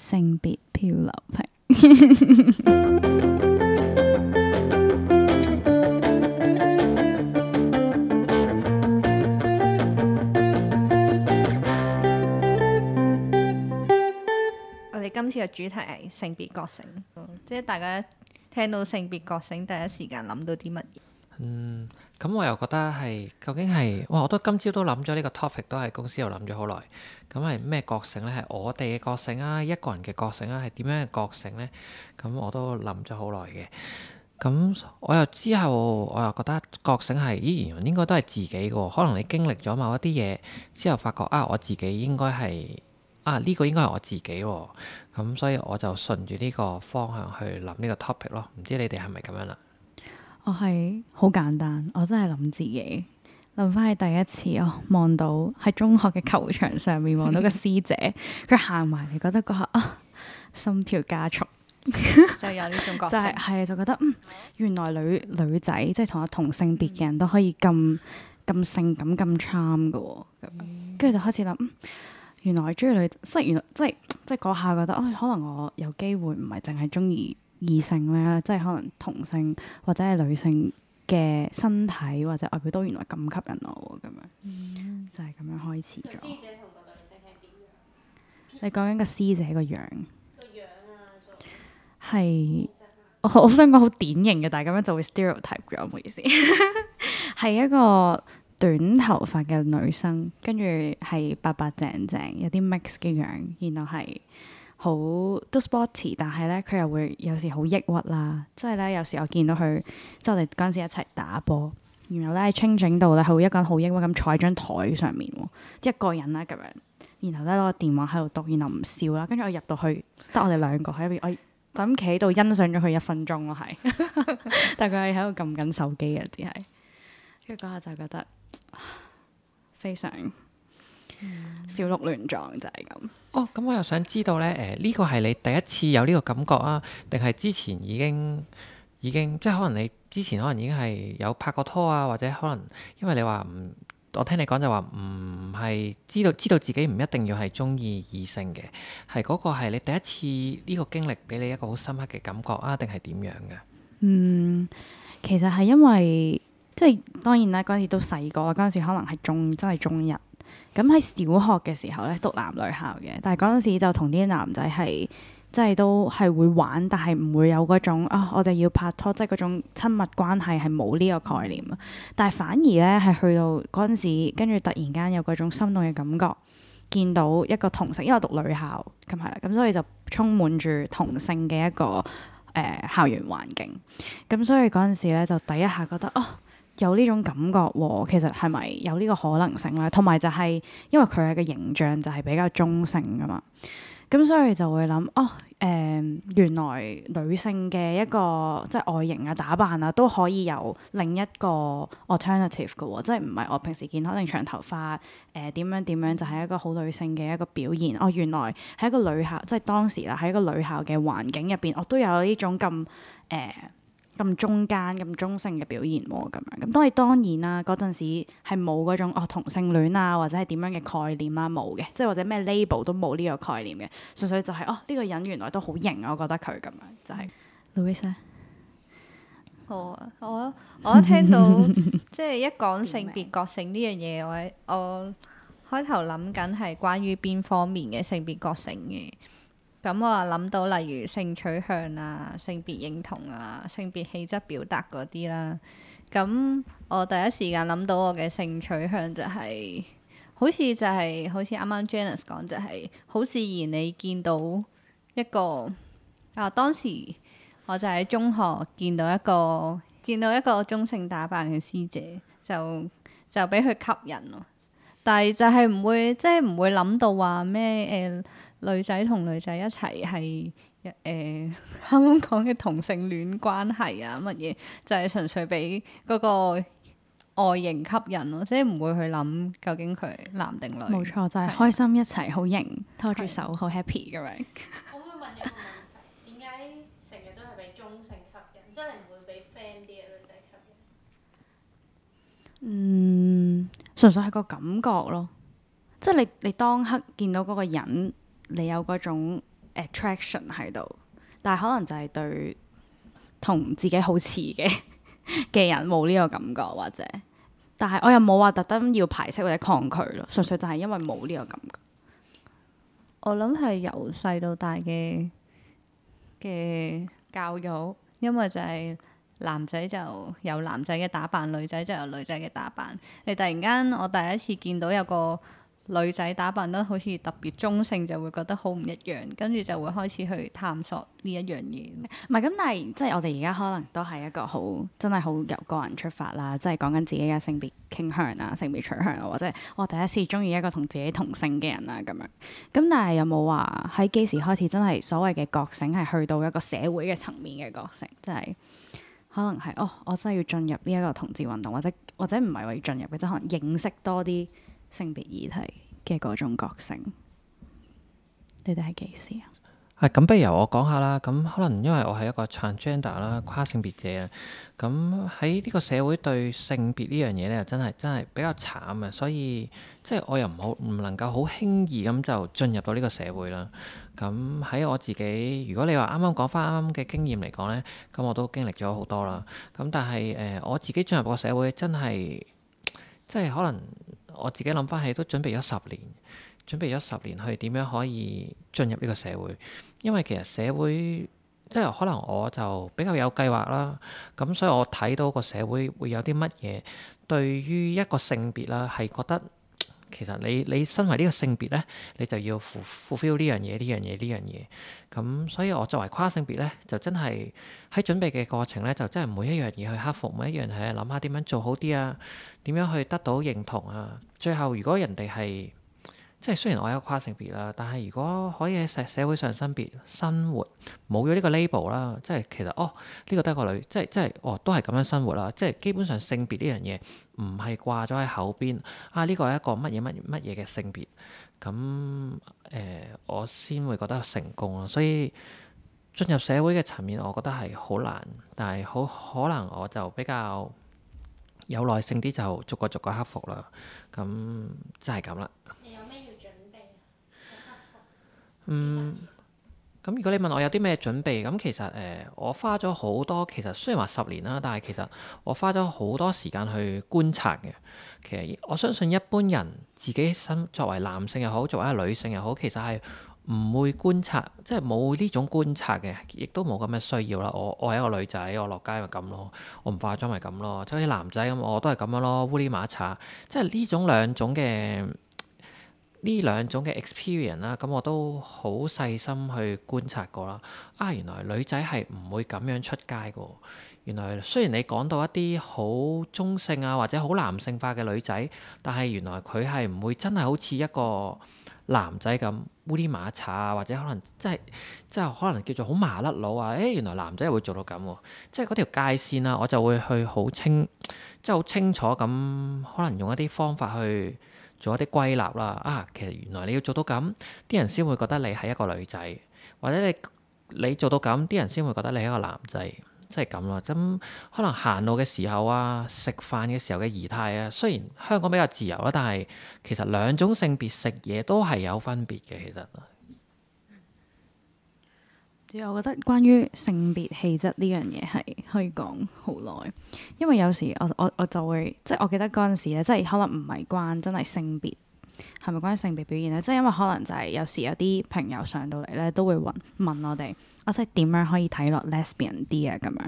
性別漂流瓶。我哋今次嘅主題係性別覺醒，嗯、即係大家聽到性別覺醒，第一時間諗到啲乜嘢？嗯。咁我又覺得係，究竟係，哇！我都今朝都諗咗呢個 topic，都喺公司又諗咗好耐。咁係咩覺醒咧？係我哋嘅覺醒啊，一個人嘅覺醒啊，係點樣嘅覺醒咧？咁我都諗咗好耐嘅。咁我又之後我又覺得覺醒係，咦？原來應該都係自己嘅喎，可能你經歷咗某一啲嘢之後，發覺啊，我自己應該係啊，呢個應該係我自己喎。咁所以我就順住呢個方向去諗呢個 topic 咯。唔知你哋係咪咁樣啦？我係好簡單，我真係諗自己諗翻起第一次我望、哦、到喺中學嘅球場上面望到個師姐，佢行埋嚟，覺得嗰下啊，心跳加速，有 就有呢種覺醒，係就覺得嗯，原來女女仔即係、就是、同我同性別嘅人都可以咁咁、嗯、性感咁 charm 㗎喎，跟住、嗯、就開始諗，原來我中意女，即係原來即係即係嗰下覺得，哦、哎，可能我有機會唔係淨係中意。異性呢，即係可能同性或者係女性嘅身體或者外表都原來咁吸引我咁樣，mm hmm。就係咁樣開始咗。你講緊個師姐個樣。個樣啊，係 我好想講好典型嘅，但係咁樣就會 stereotype 咗，唔好意思。係 一個短頭髮嘅女生，跟住係白白淨淨，有啲 mix 嘅樣，然後係。好都 sporty，但係咧佢又會有時好抑鬱啦，即係咧有時我見到佢，即係我哋嗰陣時一齊打波，然後咧喺 changing 度咧，佢會一個人好抑鬱咁坐喺張台上面，一個人啦咁樣，然後咧攞個電話喺度讀，然後唔笑啦，跟住我入到去，得我哋兩個喺一邊，我咁企喺度欣賞咗佢一分鐘咯，係， 但係佢係喺度撳緊手機啊，只係，跟住嗰下就覺得非常。嗯、小鹿亂撞就係、是、咁哦。咁我又想知道呢，誒、呃、呢、呢個係你第一次有呢個感覺啊，定係之前已經已經即係可能你之前可能已經係有拍過拖啊，或者可能因為你話唔我聽你講就話唔係知道知道自己唔一定要係中意異性嘅，係嗰個係你第一次呢個經歷俾你一個好深刻嘅感覺啊，定係點樣嘅？嗯，其實係因為即係當然啦，嗰陣時都細個，嗰陣時可能係中真係中一。咁喺小學嘅時候咧，讀男女校嘅，但係嗰陣時就同啲男仔係即係都係會玩，但係唔會有嗰種啊、哦，我哋要拍拖，即係嗰種親密關係係冇呢個概念啊。但係反而咧係去到嗰陣時，跟住突然間有嗰種心動嘅感覺，見到一個同性，因為讀女校咁係啦，咁、嗯、所以就充滿住同性嘅一個誒、呃、校園環境。咁所以嗰陣時咧就第一下覺得啊～、哦有呢種感覺喎、哦，其實係咪有呢個可能性咧？同埋就係、是、因為佢係個形象就係比較中性噶嘛，咁所以就會諗哦誒、呃，原來女性嘅一個即係外形啊、打扮啊都可以有另一個 alternative 噶喎、哦，即係唔係我平時見到可能長頭髮誒點、呃、樣點樣就係、是、一個好女性嘅一個表現哦？原來喺一個女校即係當時啦，喺一個女校嘅環境入邊，我、呃、都有呢種咁誒。呃咁中間咁中性嘅表現喎，咁樣咁，當然當然啦，嗰陣時係冇嗰種哦同性戀啊，或者係點樣嘅概念啊？冇嘅，即係或者咩 label 都冇呢個概念嘅，純粹就係、是、哦呢、呢個人原來都好型啊，我覺得佢咁樣就係、係。Louisa、啊、我，我一我聽到即係 一講性別覺醒呢樣嘢、啊，我我開頭諗緊係關於邊方面嘅性別覺醒嘅。咁、嗯、我話諗到，例如性取向啊、性別認同啊、性別氣質表達嗰啲啦。咁、嗯、我第一時間諗到我嘅性取向就係、是，好似就係、是、好似啱啱 Janice 講、就是，就係好自然你見到一個啊，當時我就喺中學見到一個見到一個中性打扮嘅師姐，就就俾佢吸引咯。但係就係唔會即係唔會諗到話咩誒。欸女仔同女仔一齊係誒，啱啱講嘅同性戀關係啊，乜嘢就係、是、純粹俾嗰個外形吸引咯，即係唔會去諗究竟佢男定女。冇錯，就係、是、開心一齊好型，拖住手好 happy 咁樣。可唔可以問一個問題：點解成日都係俾中性吸引，即係唔會俾 friend 啲嘅女仔吸引？嗯，純粹係個感覺咯，即係你你當刻見到嗰個人。你有嗰種 attraction 喺度，但係可能就係對同自己好似嘅嘅人冇呢個感覺，或者，但係我又冇話特登要排斥或者抗拒咯，純粹就係因為冇呢個感覺。我諗係由細到大嘅嘅教育，因為就係男仔就有男仔嘅打扮，女仔就有女仔嘅打扮。你突然間，我第一次見到有個女仔打扮得好似特別中性，就會覺得好唔一樣，跟住就會開始去探索呢一樣嘢。唔係咁，但係即係我哋而家可能都係一個好真係好由個人出發啦，即係講緊自己嘅性別傾向啊、性別取向啊，或者我第一次鍾意一個同自己同性嘅人啊咁樣。咁但係有冇話喺幾時開始真係所謂嘅覺醒係去到一個社會嘅層面嘅覺醒？即係可能係哦，我真係要進入呢一個同志運動，或者或者唔係話要進入嘅，即係可能認識多啲。性別議題嘅嗰種覺醒，你哋係幾時啊？啊，咁不如由我講下啦。咁可能因為我係一個 transgender 啦，跨性別者，咁喺呢個社會對性別呢樣嘢咧，又真係真係比較慘啊！所以即係我又唔好唔能夠好輕易咁就進入到呢個社會啦。咁喺我自己，如果你話啱啱講返啱啱嘅經驗嚟講咧，咁我都經歷咗好多啦。咁但係誒、呃，我自己進入個社會真係即係可能。我自己諗返起都準備咗十年，準備咗十年去點樣可以進入呢個社會，因為其實社會即係可能我就比較有計劃啦，咁所以我睇到個社會會有啲乜嘢對於一個性別啦，係覺得。其實你你身為呢個性別咧，你就要 ful fulfil 呢樣嘢、呢樣嘢、呢樣嘢。咁所以，我作為跨性別咧，就真係喺準備嘅過程咧，就真係每一樣嘢去克服，每一樣嘢諗下點樣做好啲啊，點樣去得到認同啊。最後，如果人哋係，即係雖然我係一個跨性別啦，但係如果可以喺社社會上身別生活，冇咗呢個 label 啦，即係其實哦呢個得個女，即係即係哦都係咁樣生活啦。即係基本上性別呢樣嘢唔係掛咗喺口邊啊。呢個係一個乜嘢乜乜嘢嘅性別咁，誒、呃，我先會覺得成功咯。所以進入社會嘅層面，我覺得係好難，但係好可能我就比較有耐性啲，就逐個逐個逐個克服啦。咁即係咁啦。嗯嗯，咁如果你問我有啲咩準備，咁其實誒、呃，我花咗好多，其實雖然話十年啦，但係其實我花咗好多時間去觀察嘅。其實我相信一般人自己身作為男性又好，作為女性又好，其實係唔會觀察，即係冇呢種觀察嘅，亦都冇咁嘅需要啦。我我係一個女仔，我落街咪咁咯，我唔化妝咪咁咯。就好似男仔咁，我都係咁樣咯，烏哩馬查，即係呢種兩種嘅。呢兩種嘅 experience 啦，咁我都好細心去觀察過啦。啊，原來女仔係唔會咁樣出街噶。原來雖然你講到一啲好中性啊，或者好男性化嘅女仔，但係原來佢係唔會真係好似一個男仔咁烏哩馬查啊，或者可能即係即係可能叫做好麻甩佬啊。誒，原來男仔又會做到咁喎。即係嗰條界線啦，我就會去好清，即係好清楚咁，可能用一啲方法去。做一啲歸納啦，啊，其實原來你要做到咁，啲人先會覺得你係一個女仔，或者你你做到咁，啲人先會覺得你係一個男仔，即係咁咯。咁，嗯，可能行路嘅時候啊，食飯嘅時候嘅儀態啊，雖然香港比較自由啦，但係其實兩種性別食嘢都係有分別嘅，其實。仲有，我覺得關於性別氣質呢樣嘢係可以講好耐，因為有時我我我就會，即係我記得嗰陣時咧，即係可能唔係關真係性別。係咪關於性別表現咧？即係因為可能就係有時有啲朋友上到嚟咧，都會問，問我哋，啊即係點樣可以睇落 lesbian 啲啊？咁樣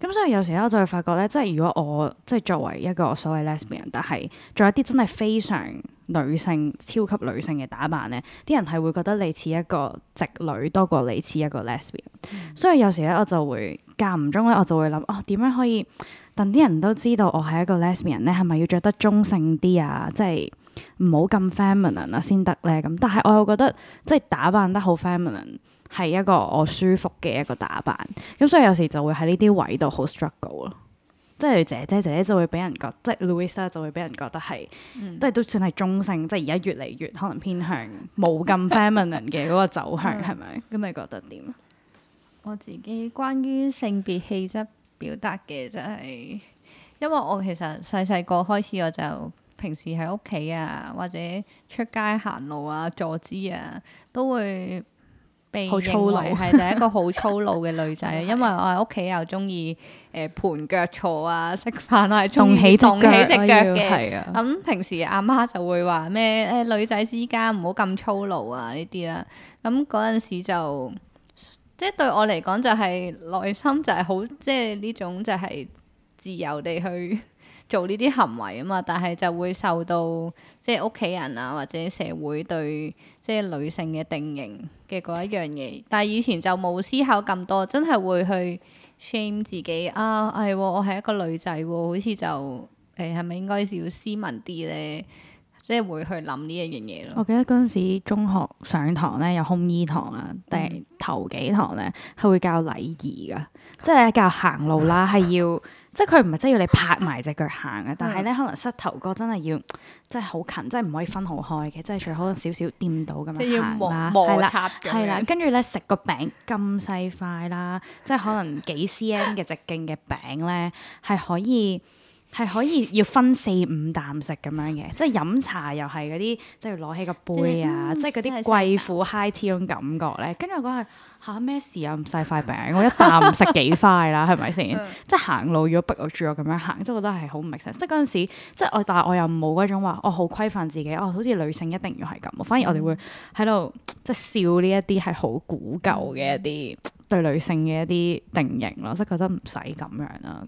咁，所以有時咧我就會發覺咧，即係如果我即係作為一個所謂 lesbian，但係做一啲真係非常女性、超級女性嘅打扮咧，啲人係會覺得你似一個直女多過你似一個 lesbian，嗯。所以有時咧，我就會間唔中咧，我就會諗，哦，點樣可以？等啲人都知道我係一個 lesbian 人咧，係咪要着得中性啲啊？即係唔好咁 feminine 啊，先得咧。咁但係我又覺得即係打扮得好 feminine 係一個我舒服嘅一個打扮。咁所以有時就會喺呢啲位度好 struggle 咯。即係姐姐姐姐就會俾人覺，即係 Louisa 就會俾人覺得係都係都算係中性。即係而家越嚟越可能偏向冇咁 feminine 嘅嗰個走向，係咪？ 咁你覺得點？我自己關於性別氣質。表達嘅就係、是，因為我其實細細個開始我就平時喺屋企啊或者出街行路啊坐姿啊都會被認為係就一個好粗魯嘅女仔。粗因為我喺屋企又中意誒盤腳坐啊食飯啊，係中意動起隻腳嘅。咁、嗯、平時阿媽就會話咩誒女仔之間唔好咁粗魯啊呢啲啦。咁嗰陣時就。即係對我嚟講，就係內心就係好即係呢種就係自由地去做呢啲行為啊嘛，但係就會受到即係屋企人啊或者社會對即係女性嘅定型嘅嗰一樣嘢。但係以前就冇思考咁多，真係會去 shame 自己啊，係、哎、我係一個女仔喎，好似就誒係咪應該要斯文啲咧？即係會去諗呢一樣嘢咯。我記得嗰陣時中學上堂咧，有空衣堂啊，定係頭幾堂咧係會教禮儀噶，即係教行路啦，係要 即係佢唔係真係要你拍埋隻腳行啊，但係咧可能膝頭哥真係要即係好近，即係唔可以分好開嘅，即係除好少少掂到咁樣行啦，係啦，係啦，跟住咧食個餅咁細塊啦，即係 可能幾 cm 嘅直徑嘅餅咧係可以。係可以要分四五啖食咁樣嘅，即係飲茶又係嗰啲，即係攞起個杯啊，嗯、即係嗰啲貴婦 high tea 嗰種感覺咧。跟住、嗯、我講下，嚇咩、啊、事啊？咁細塊餅， 我一啖食幾塊啦，係咪先？嗯、即係行路如果逼我住我咁樣行我，即係覺得係好唔理性。即係嗰陣時，即係我，但係我又冇嗰種話，我好規範自己，哦，好似女性一定要係咁。反而我哋會喺度即係笑呢一啲係好古舊嘅一啲對女性嘅一啲定型咯，即係覺得唔使咁樣啦，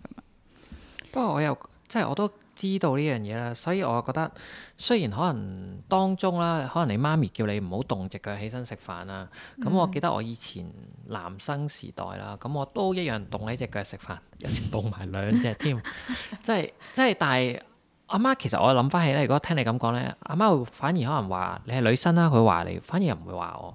不過我又即係、就是、我都知道呢樣嘢啦，所以我覺得雖然可能當中啦，可能你媽咪叫你唔好動隻腳起身食飯啦。咁我記得我以前男生時代啦，咁我都一樣動起隻腳食飯，有時、嗯、動埋兩隻添。即係即係，但係阿媽，媽其實我諗翻起咧，如果聽你咁講咧，阿媽會反而可能話你係女生啦，佢話你反而又唔會話我。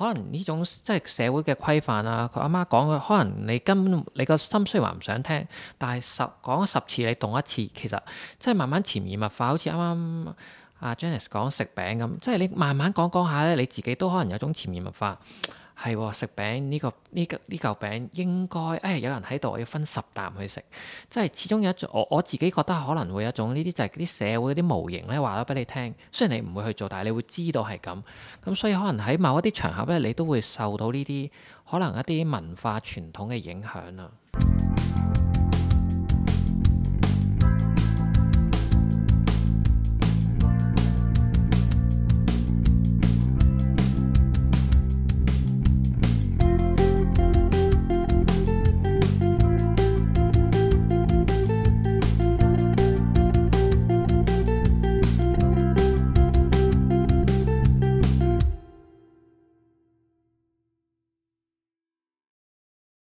可能呢種即係社會嘅規範啊，佢阿媽講嘅，可能你根本你個心雖然話唔想聽，但係十講十次你動一次，其實即係慢慢潛移默化，好似啱啱、啊、阿 Janice 講食餅咁，即係你慢慢講講下咧，你自己都可能有種潛移默化。係喎，食餅呢、呢個呢、呢個呢嚿餅應該誒、哎、有人喺度我要分十啖去食，即係始終有一種我我自己覺得可能會有一種呢啲就係啲社會啲模型咧話咗俾你聽，雖然你唔會去做，但係你會知道係咁，咁所以可能喺某一啲場合咧，你都會受到呢啲可能一啲文化傳統嘅影響啊。